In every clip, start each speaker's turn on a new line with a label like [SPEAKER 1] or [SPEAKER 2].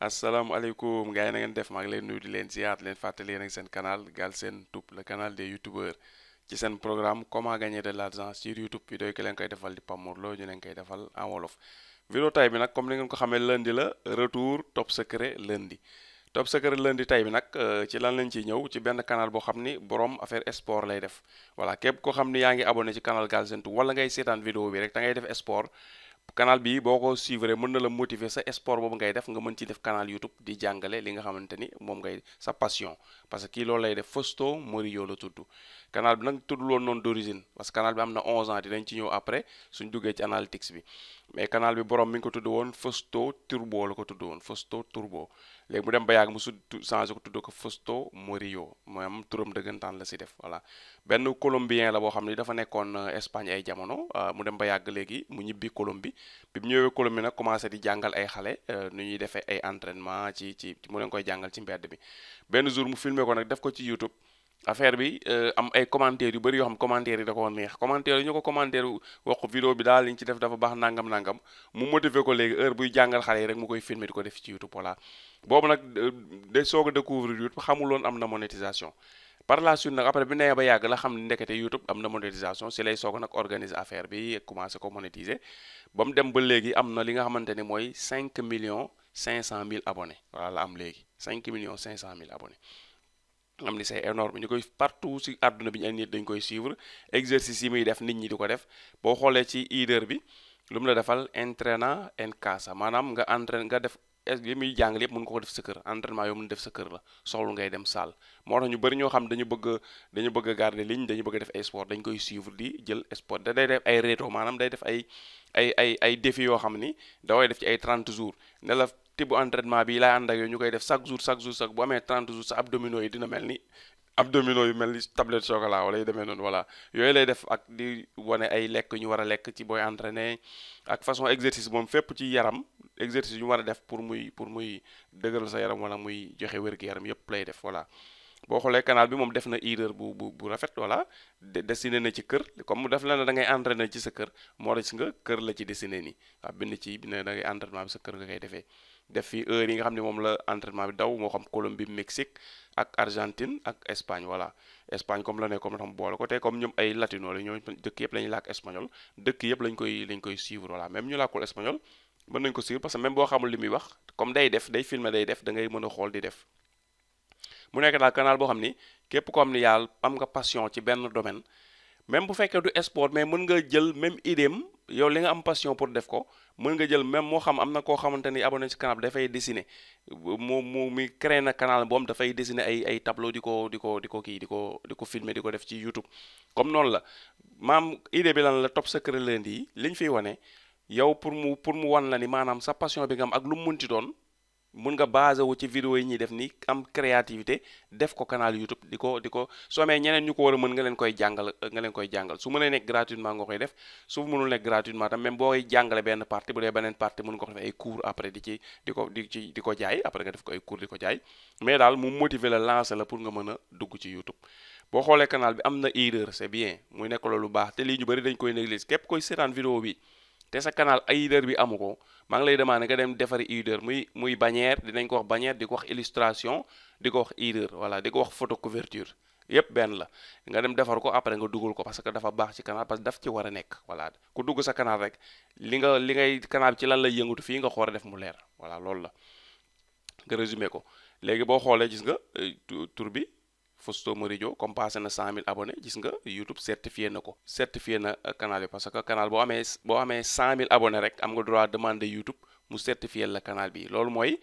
[SPEAKER 1] asalaamaaleykum gars yi na ngeen def maa ngi leen nuy di leen ziar leen fàttali yéen ak seen canal Galsen Tube le canal des youtubeurs ci seen programme comment gagner de l'argent sur youtube vidéo ki leen koy defal di Pape Mor Lo leen koy defal en wolof vidéo tay bi nag comme ni ngeen ko xamee lundi la retour top secret lundi top secret lëndi tay bi nag euh, ci lan lañ ciy ñëw ci benn canal boo xam ni borom affaire sport lay def wala képp koo xam ni yaa ngi abonné ci canal Galsen Tube wala ngay seetaan vidéo bi rek da ngay def canal bi boo ko suivre mën na la motiver sa sport boobu ngay def nga mën ci def canal YouTube di jàngale li nga xamante ni moom ngay sa passion parce que kii loolu lay def Fausto Murillo la tudd canal bi nag tudd loon noonu d'origine parce que canal bi am na 11 ans dinañ ci ñëw après suñ duggee ci analytics bi mais canal bi borom mi ngi ko tudd woon Fosto Turbo la ko tudd woon Fosto Turbo léegi mu dem ba yàgg mu su changé ko tudd ko Fosto Morio am turam dëggantaan la si def voilà benn colombien la boo xam ne dafa nekkoon euh, Espagne ay jamono euh, mu dem ba yàgg léegi mu ñibbi Colombie bi mu ñëwee Colombie nag commencé di jàngal ay xale euh, nu ñuy defee ay entraînement ci ci mu leen koy jàngal ci mbedd bi benn jour mu filmé ko nag def ko ci YouTube. affaire bi euh, am ay commentaires yu bëri yoo xam commentaires yi da koo neex commentaire yi ñu ko commentaire wax ko bi daal li ñu ci def dafa baax nangam nangam mu motiver ko léegi heure buy jàngal xale yi rek mu koy filmer di ko def ci YouTube voilà boobu nag euh, day soog a YouTube xamuloon am na monétisation par la suite nag après bi nee ba yàgg la xam ni ndekete YouTube am na monétisation si lay soog nag organiser affaire bi commencé ko monétiser ba mu dem ba léegi am na li nga xamante ni mooy 5 millions 500 mille abonnés voilà la am léegi 5 millions 500 mille abonnés nga xam ni c'est énorme ñu koy partout si àdduna bi ñu nit koy suivre exercice yi muy def nit ñi di ko def boo xoolee ci leader bi lu mu la defal entraînant en casa maanaam nga entraîne nga def li muy jàng yëpp mën nga ko def sa kër entraînement yoo mën def sa kër la soxlu ngay dem salle moo tax ñu bëri ñoo xam dañu bëgg dañu bëgg a garder dañu bëgg def ay sport dañ koy suivre di jël sport da day def ay reto maanaam day def ay ay ay ay défi yoo xam ni da def ci ay 30 jours ne tibb entraînement bi laay ànd ak yow ñu koy def chaque jour chaque jour chaque bu amee 30 jours sa abdominaux yi dina mel ni abdominaux yu mel ni tablette chocolat wala yu demee noonu voilà yooyu lay def ak di wane ay lekk ñu war a lekk ci booy entraîné ak façon exercice moom fépp ci yaram exercice yu war a def pour muy pour muy dëgëral sa yaram wala muy joxe wér-gu-yaram yépp lay def voilà boo xoolee canal bi moom def na erreur bu bu bu rafet voilà dessiné na ci kër comme mu def la ne da ngay ci sa kër moo des nga kër la ci dessiné nii waaw bind ci ne da bi sa kër nga koy defee def fi heure yi nga xam ne moom la entraînement bi daw moo xam Colombie Mexique ak Argentine ak Espagne voilà Espagne comme la ne comme boole ko comme ñoom ay latino la ñoom dëkk yëpp la ñuy làkk espagnol dëkk yëpp lañ koy lañ koy suivre voilà même ñu làkkul espagnol mën nañ ko suivre parce que boo xamul li muy wax comme day def day filmer day def da ngay mën a xool di def mu nekk daal canal boo xam ni képp ko xam ni yàlla am nga passion ci benn domaine même bu fekkee du sport mais mën nga jël même idéem yow li nga am passion pour def ko mën nga jël même moo xam am na koo xamante ni abonné ci canal dafay dessiner mu mu mi créé na canal boom dafay dessiner ay ay tableau di ko di ko di ko kii di ko di ko filmer di ko def ci YouTube comme noonu la maam idée bi lan la Top Secret Lundi yi liñ fiy wane yow pour mu pour mu wan la ni maanaam sa passion bi nga am ak lu mu munti doon mun nga basé wu ci vidéo yi ñuy def ni am créativité def ko kanaal YouTube di ko di ko soo amee ñeneen ñu ko war a mën nga leen koy jàngal nga leen koy jàngal su mënee nekk gratuitement nga koy def su mënul nekk gratuitement tam même jàngale benn partie bu dee beneen partie mën nga ko def ay cours après di ci di ko di ci di ko jaay après nga def ko ay cours di ko jaay mais daal mu motiver la lancer la pour nga mën a dugg ci YouTube boo xoolee canal bi am na erreur c'est bien muy nekk loolu baax te lii ñu bëri dañ koy négliger képp koy seetaan vidéo bi te sa canal ay erreur bi amu ko maa ngi lay demandé nga dem defari header muy muy bannière dinañ ko wax bannière di ko wax illustration di ko wax header voilà di ko wax photo couverture yépp benn la nga dem defar ko après nga dugal ko parce que dafa baax ci canal parce que daf ci war a nekk voilà ku dugg sa canal rek li nga li ngay canal ci lan lay yëngatu fii nga xool def mu leer voilà loolu la nga résumé ko léegi boo xoolee gis nga euh, tur bi Fausto Murillo comme passé na 100000 abonnés gis nga YouTube certifié na ko certifié na euh, canal bi parce que canal boo amee boo amee 100000 abonnés rek am nga droit demander YouTube mu certifié la kanaal bi loolu mooy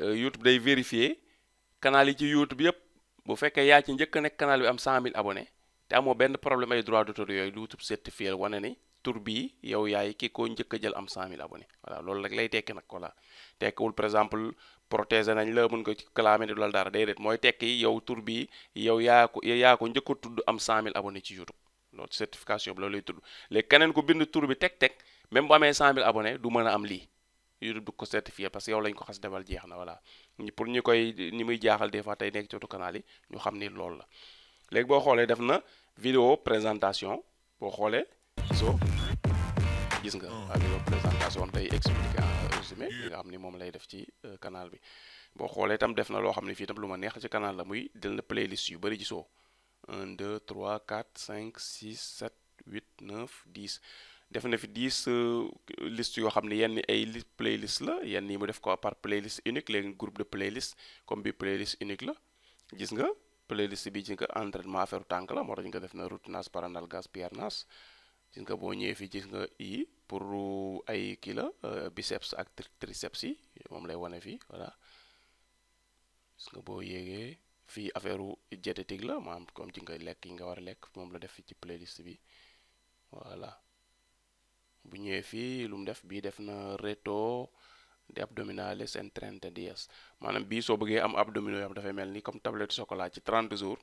[SPEAKER 1] euh, YouTube day vérifier kanaal yi ci YouTube yëpp bu fekkee yaa ci njëkk nekk canal bi am 100000 abonnés te amoo benn problème ay droit d'auteur yooyu YouTube certifié la wane ni tur bii yow yaay ki ko njëkk jël am 100000 abonnés voilà loolu rek lay tekki nag voilà protéger nañ la mën ko ci clamé du la dara déedéet mooy tekki yow tur bi yow yaa ko yaa ko njëkk a tudd am 100000 abonnés ci YouTube loolu certification bi loolu lay tudd léegi keneen ku bind tur bi teg teg même bu amee 100000 abonnés du mën a am lii YouTube du ko certifié parce que yow lañ ko xas defal jeex na voilà pour ñu koy ñi muy jaaxal des fois tey nekk ci canal yi ñu xam ni loolu la léegi boo xoolee def na vidéo présentation boo xoolee so gis nga. Oh. résumé bi nga xam ni moom lay def ci euh, canal bi boo xoolee tam def na loo xam ne fii itam lu ma neex ci canal la muy jël na playlist yu bëri gisoo 1 2 3 4 5 6 7 8 9 def na fi 10 euh, liste yoo xam ne yenn ay li playlist la yenn yi mu def ko par playlist unique léegi groupe de playlist comme bi playlist unique la gis nga playlist bi ci nga entraînement affaire tànk la moo tax nga def na route nas paranal gas pierre nas gis nga boo ñëwee fii gis nga yii pour ay kii la euh, biceps ak triceps yi moom lay wane fii voilà gis nga boo yéegee fii affaire diététique la maanaam comme ci nga lekk yi nga war a lekk moom la def fii ci playlist bi voilà bu ñëwee fii lu mu def bii def na reto di abdominales en 30 dias maanaam bii soo bëggee am abdominaux yi am dafay mel ni comme tablette chocolat ci 30 jours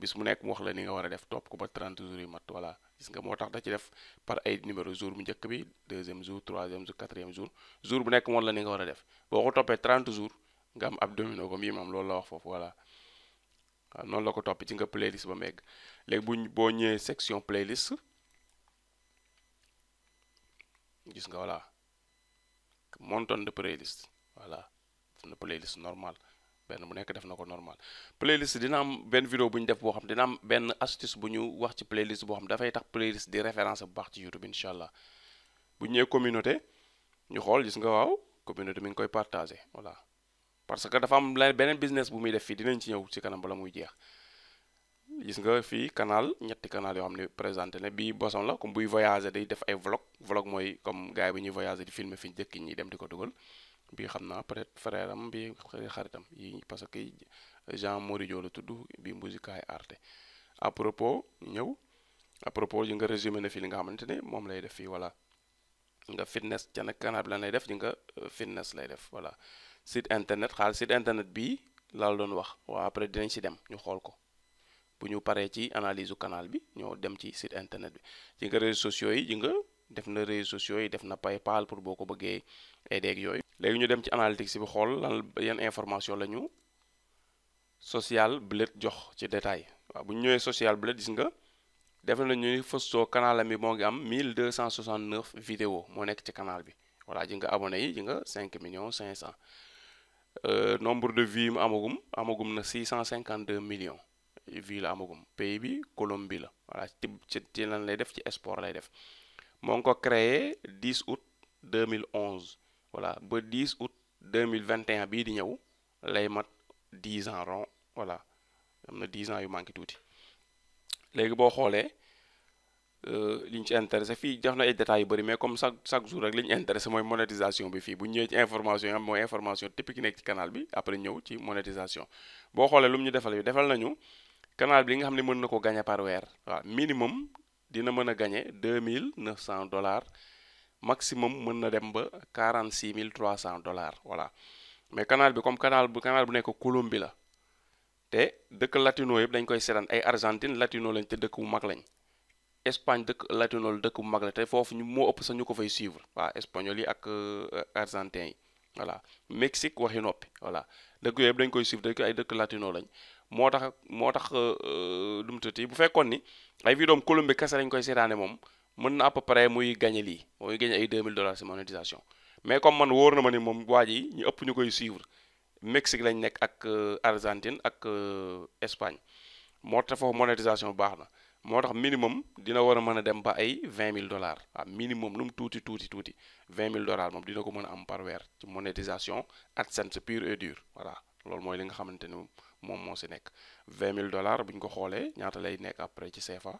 [SPEAKER 1] bis mu nekk mu wax la ni nga war a def topp ko ba 30 jours yi mat voilà gis nga moo tax da ci def par ay numéro jour bu njëkk bi deuxième jour troisième jour quatrième jour jour bu nekk moom la ni nga war a def boo ko toppee 30 jours nga am ab domino ko mii ma am loolu la wax foofu voilà waaw la ko topp ci nga playlist ba megg léegi bu boo ñëwee section playlist gis nga voilà monton de playlist voilà def normal benn bu nekk def na ko normal playlist dina am benn vidéo bu ñu def boo xam dina am benn astuce bu ñu wax ci playlist boo xam dafay tax playlist di référence bu baax ci YouTube incha allah bu ñëwee communauté ñu xool gis nga waaw communauté mi ngi koy partagé voilà parce que dafa am la beneen business bu muy def fii dinañ ci ñëw ci kanam bala muy jeex gis nga fii canal ñetti canal yoo xam ne présenté na bii boson la comme buy voyager day def ay vlog vlog mooy comme gars yi ñuy voyager di filmer fi dëkk ñi dem di ko dugal bi xam naa peut être frère am bi xaritam yi parce que Jean Moridio la tudd bi Musicae Arte à propos ñëw à yi nga résumé na fi li nga xamante ne moom lay def fii voilà nga fitness ca nag canal bi lan def di nga euh, fitness lay def voilà site internet xaal site internet bii laal doon wax waa après dinañ si dem ñu xool ko bu ñu paree ci analyse kanaal bi ñoo dem ci site internet bi ci nga réseaux sociaux yi ji nga def na réseaux sociaux yi def na paypal pour boo ko bëggee aider yooyu. léegi ñu dem ci analytics bi xool lan yan information la ñu social blade jox ci détail waaw bu ñu ñëwee social blade gis nga def na ñuy fëstoo canal am bi moo ngi am 1269 vidéo moo nekk ci kanaal bi voilà ji nga abonné yi ji nga cinq millions 500 euh, nombre de vues mu amagum amagum na cent 652 millions. vues la amagum pays bi Colombie la ci ci lan lay def ci sport lay def. moo ngi ko créé deux mille 2011 voilà ba mille août 2021 bii di ñëw lay mat 10 ans ron voilà am na 10 ans yu manqué tuuti léegi boo xoolee euh, li ñu ci intéressé fii def na ay détails yu bëri mais comme chaque chaque jour rek li ñu intéressé mooy monétisation bi fii bu ñëwee ci information yi am mooy information typique nekk ci canal bi après ñëw ci monétisation boo xoolee lu ñu defal yu defal nañu canal bi li nga xam ne mën na ko gagné par weer waaw dina mën a gagné deux mille neuf cent dollars maximum mën na dem ba quarante six mille trois cent dollars voilà mais canal bi comme canal bu canal bu nekk Colombie la te dëkk latino yëpp dañ koy seetaan ay Argentine latino lañ ca dëkk bu mag lañ Espagne dëkk latino la dëkk bu mag la te foofu ñu moo ëpp sax ñu ko fay suivre waa espagnol yi ak euh, argentin yi. voilà Mexique waxi noppi voilà dëkk yooyu yëpp dañ koy suivre dëkk ay dëkk latino lañ moo tax moo tax euh, euh, lu mu tëti bu fekkoon ni ay vidéom Colombie kese lañ koy seetaane moom mën na à peu près muy gagné lii muy gagné ay 2000 dollars si monétisation mais comme man wóor na ma ni moom waa yi ñu ëpp ñu koy suivre Mexique lañ nekk ak euh, Argentine ak Espagne moo tax foofu monétisation baax na moo tax minimum dina war a mën a dem ba ay vingt mille dollars waaw minimum lu mu tuuti tuuti tuuti vingt mille dollars moom dina ko mën am par weer ci monétisation AdSense pure et dure voilà loolu mooy li nga xamante ni moom moo si nekk vingt mille dollars bu ñu ko xoolee ñaata lay nekk après ci CFA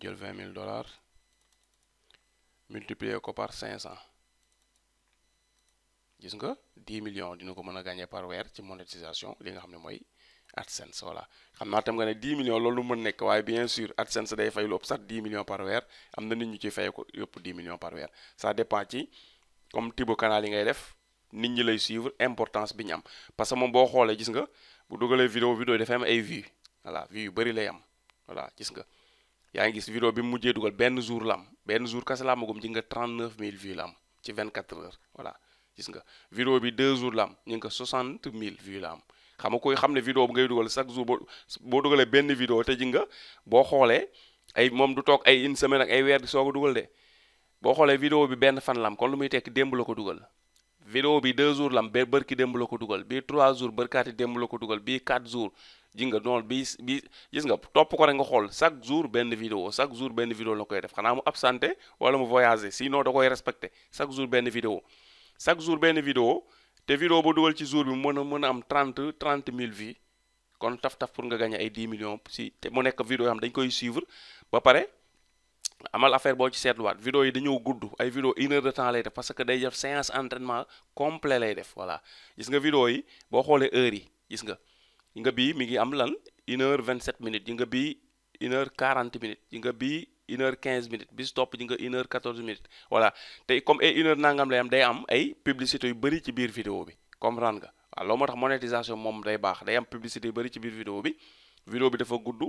[SPEAKER 1] jël vingt mille dollars multiplier ko cinq cent gis nga dix millions dina ko mën a gagner par weer ci monétisation li nga xam ne mooy. AdSense voilà xam naa tam nga ne 10 millions loolu mën nekk waaye bien sûr AdSense day fay lu ëpp sax 10 millions par weer am na nit ñu ci fay ko yëpp 10 millions par weer ça dépend ci comme tibo canal yi ngay def nit ñi lay suivre importance bi ñu am parce que moom boo xoolee gis nga bu dugalee vidéo vidéo dafay am ay vues voilà vues yu bëri lay am voilà gis nga yaa ngi gis vidéo bi mu mujjee dugal benn jour la am benn jour kese la amagum ji nga 39000 vues la am ci 24 heures voilà gis ñu ngi ko 60000 vues la am. xam nga koy xam ne vidéo bu ngay dugal chaque jour boo dugalee benn vidéo te ji nga boo xoolee ay moom du toog ay une semaine ak ay weer di soog a dugal de boo xoole vidéo bi benn fan lam kon lu muy tekk démb ko dugal vidéo bi deux jours lam ba bërki démb la ko dugal bii trois jours bërkaati démb la ko dugal bii quatre jours ji nga noonu bii bii gis nga topp ko rek nga xool chaque jour benn vidéo chaque jour benn vidéo la koy def xanaa mu absenté wala mu voyager sinon da koy respecté chaque jour benn vidéo chaque jour benn vidéo te vidéo boo dugal ci jour bi mën a mën a am trente trente mille vues kon taf-taf pour nga gagné ay dix millions si te mu nekk vidéo yoo xam dañ koy suivre ba pare amal affaire boo ci seetluwaat vidéo yi dañoo gudd ay vidéo une heure de temps lay def parce que day def séance entraînement complet lay def voilà gis nga vidéo yi boo xoolee heure yi gis nga nga bii mi ngi am lan une heure vingt sept minutes yi nga bii une heure quarante minutes yi nga bii une heure quinze minutes bis topp ji nga une heure quatorze minutes voilà tey comme ay une heure nangam lay am day am ay publicité yu bëri ci biir vidéo bi comprendre nga waaw tax monétisation moom day baax day am publicité yu bëri ci biir bi vidéo bi dafa gudd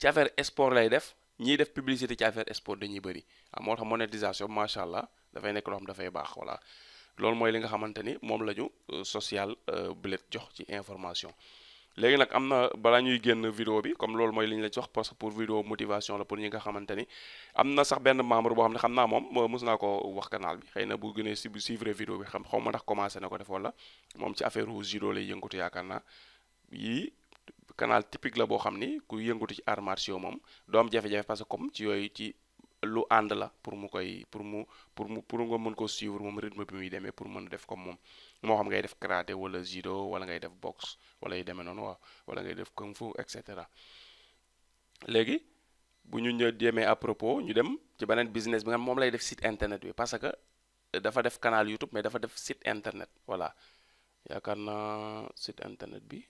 [SPEAKER 1] ci affaire sport lay def ñiy def publicité ci affaire sport dañuy bëri moo tax monétisation macha allah dafay nekk loo dafay baax voilà loolu mooy li nga xamante ni moom la ñu euh, social euh, bled jox ci information léegi nag am na balaa ñuy génn vidéo bi comme loolu mooy li ñu la ci wax parce que pour vidéo motivation la pour ñi nga xamante ni am na sax benn membre boo xam ne xam naa moom mos naa ko wax canal bi xëy na bu gënee si bu suivre vidéo bi xam xaw ma ndax commencé na ko def wala moom ci affaire judo lay yëngatu yaakaar naa yii canal typique la boo xam ni ku yëngatu ci arts moom doo am jafe-jafe parce que comme ci yooyu ci lu ànd la pour mu koy pour mu pour mu pour nga mën ko suivre moom rythme bi muy demee pour mën a def comme moom moo xam ngay def karaté wala judo wala ngay def boxe wala yu demee noonu waaw wala ngay def kung fu et cetera léegi bu ñu ñëw demee à ñu dem ci beneen business bi nga moom lay def site internet bi parce que dafa def canal YouTube mais dafa def site internet voilà yaakaar na site internet bi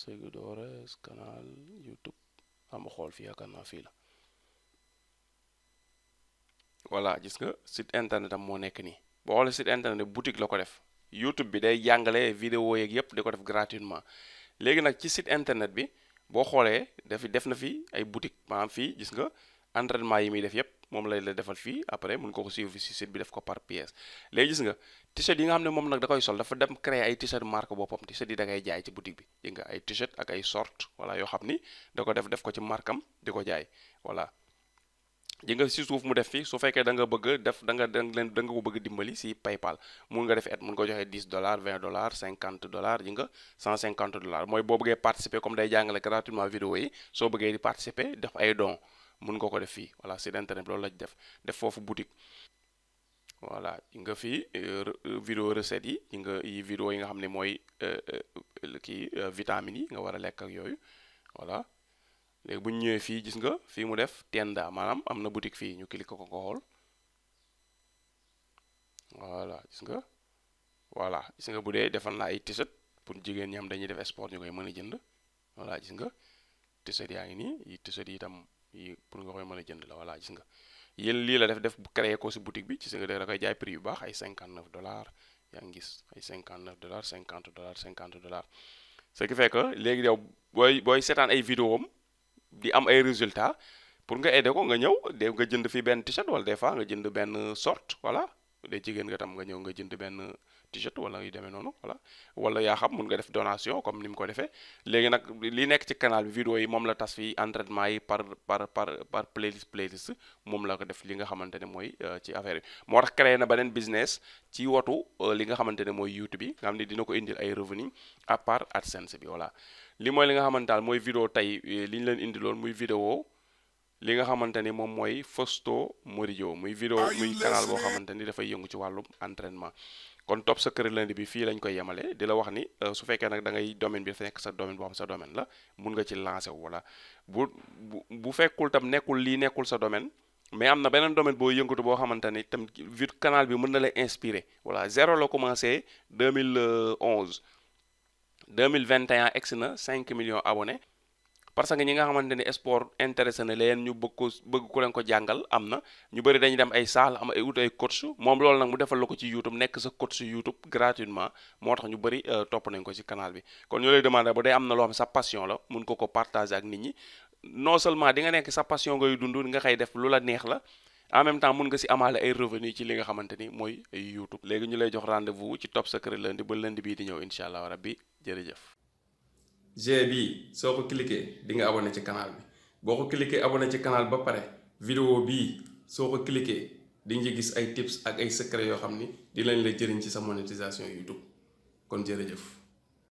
[SPEAKER 1] Seguidores canal YouTube. am xool fii yaakaar naa fii la voilà gis nga site internet am moo nekk nii boo xoolee site internet boutique la ko def YouTube bi day jàngale vidéo yeeg yëpp di ko def gratuitement léegi nag ci site internet bi boo xoolee dafi def na fi ay boutique maanaam fii gis nga entraînement yi muy def yépp moom lay la defal fii après mun ko ko suivre bi def ko par pièce léegi gis nga t-shirt yi nga xam ne moom nag da koy sol dafa dem créer ay t-shirt marque boppam t-shirt yi da ngay jaay ci boutique bi dégg nga ay t-shirt ak ay short voilà yoo xam ni da ko def def ko ci markam di ko jaay voilà ji nga si suuf mu def fi su fekkee da nga bëgg def da nga leen da nga ko bëgg dimbali si paypal mun nga def et mun ko joxee 10 dollars 20 dollars 50 dollars ji nga 150 dollars mooy boo bëggee participer comme day jàngale gratuitement vidéo soo bëggee di participer def ay mun nga ko def fii voilà site internet bi loolu lañ def def foofu boutique voilà nga fi euh, euh, vidéo recettes yi nga yi vidéo yi nga xam ne mooy euh, kii vitamines yi nga war a lekk ak yooyu voilà léegi bu ñu ñëwee fii gis nga fii mu def tenda maanaam am na boutique fii ñu cliquer ko ko xool voilà gis nga voilà gis nga bu dee defal naa ay t-shirt pour jigéen ñam xam dañuy def sport ñu koy mën a jënd voilà gis nga t-shirt yaa ngi nii t-shirt yi itam pour nga koy mën a jënd la voilà gis nga yéen lii la def def créé ko si boutique bi gis nga da koy jaay prix yu baax ay 59 dollars yaa ngi gis ay 59 dollars cinquante dollars 50 dollars ce qui fait que léegi yow booy booy seetaan ay vidéo am di am ay résultat pour nga aider ko nga ñëw de nga jënd fi benn t-shirt wala des fois nga jënd benn short voilà de jigéen nga tam nga ñëw nga jënd benn. t-shirt wala yu demee noonu voilà wala yaa xam mun nga def donation comme ni mu ko defee léegi nag li nekk ci canal bi vidéo yi moom la tas fi entraînement yi par par par par playlist playlist moom la ko def li nga xamante ne mooy euh, ci affaire bi moo tax créé na beneen business ci watu euh, li nga xamante ne mooy YouTube bi nga xam dina ko indi ay revenu à part AdSense bi voilà li mooy li nga xamante daal mooy vidéo tey euh, li ñu leen indiloon muy vidéo li nga xamante ni moom mooy Fausto Murillo muy vidéo muy canal boo xamante ni dafay yëngu ci wàllum entrainement kon sa secret lundi bi fii lañ koy yemale di la wax ni euh, su fekkee nag dangay ngay domaine bi dafa nekk sa domaine boo xam sa domaine la mun nga ci lancé wu bu bu bu fekkul tam nekkul lii nekkul sa domaine mais am na beneen domaine boo yëngatu boo xamante ni tam vu canal bi mën na la inspiré voilà zéro la commencé deux euh, deux mille mille vingt 2021 egsi na cinq millions abonnés parce que ñi nga xamante ni sport intéressé na leen ñu bëgg ko bëgg ku leen ko jàngal am na ñu bëri dañuy dem ay saal am ay ut ay coach moom loolu nag mu defal la ko ci YouTube nekk sa coach su YouTube gratuitement moo tax ñu bëri euh, topp nañ ko ci kanaal bi kon ñu lay demandé bu dee am na loo xam sa passion la mun ko ko partager ak nit ñi non seulement di nga nekk sa passion ngay dundu nga xëy def lu la neex la en même temps mun nga si amaale ay revenu ci li nga xamante ni mooy YouTube léegi ñu lay jox rendez-vous ci Top Secret lundi ba lundi bii di ñëw incha allah rabbi jërëjëf G bi soo ko cliquer di nga abonné ci canal bi boo ko cliquer abonné ci canal ba pare video bii soo ko cliquer di nga gis ay tips ak ay secret yoo xam ni di lañ la jëriñ ci sa monétisation YouTube kon jërëjëf.